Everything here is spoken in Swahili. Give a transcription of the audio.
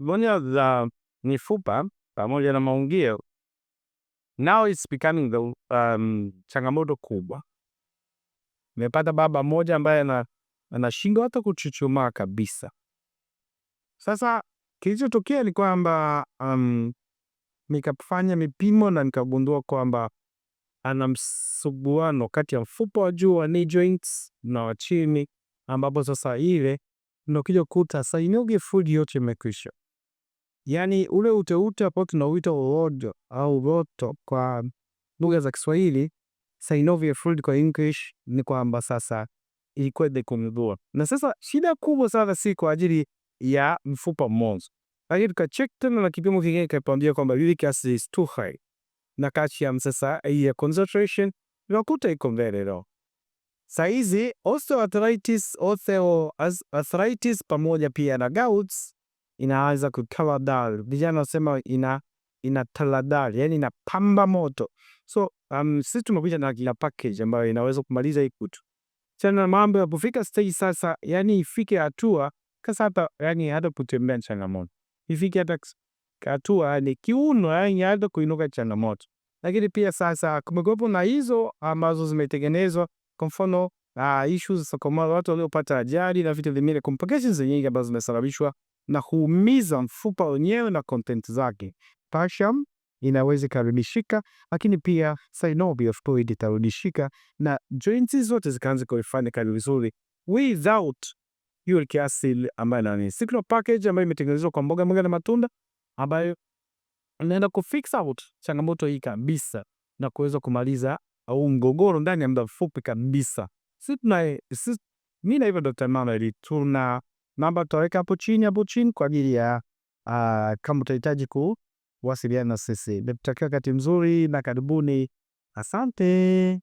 Bonea za mifupa pamoja na maungio now it's becoming the um, changamoto kubwa. Nimepata baba mmoja ambaye anashindwa hata kuchuchumaa kabisa. Sasa kilichotokea ni kwamba um, nikafanya mipimo na nikagundua kwamba ana msuguano kati ya mfupa wa juu wa knee joints na wa chini, ambapo sasa ile ndio kija kuta sasa, inoge food yote imekwisha yani ule uteute ambao tunauita urodo au roto kwa lugha za Kiswahili, synovial fluid kwa English, ni kwamba sasa ilikuwa kumdhuru. Na sasa shida kubwa sana si kwa ajili ya mfupa mmoja, lakini tukacheck tena na kipimo kingine kikatuambia kwamba uric acid is too high na calcium sasa hii ya concentration unakuta iko mbele leo. Saizi osteoarthritis, osteoarthritis pamoja pia na gouts inaweza kukawa dal, vijana wanasema ina ina taladhari, yani inapamba moto. So um, sisi tumekuja na kila package ambayo inaweza kumaliza hii kutu tena. Mambo ya kufika stage sasa, yani ifike hatua kasa hata yani hata kutembea changamoto, ifike hata hatua ni kiuno, yani hata kuinuka changamoto. Lakini pia sasa kumekuwepo na hizo ambazo zimetengenezwa kwa mfano uh, issues za kwa watu waliopata ajali na vitu vingine, complications nyingi ambazo zimesababishwa na kuumiza mfupa wenyewe na content zake. Pasham inaweza ikarudishika, lakini pia synovial fluid itarudishika na joints zote zikaanza kuifanya kazi vizuri without uric acid, ambayo ni signal package ambayo imetengenezwa kwa mboga mboga na matunda ambayo naenda ku fix out changamoto hii kabisa na kuweza kumaliza au mgogoro ndani ya muda mfupi kabisa si tuna si mimi na Dr. Emmanuel tuna namba tutaweka hapo chini hapo chini kwa ajili ya uh, kama utahitaji kuwasiliana na sisi. Nimekutakia wakati mzuri na karibuni. Asante.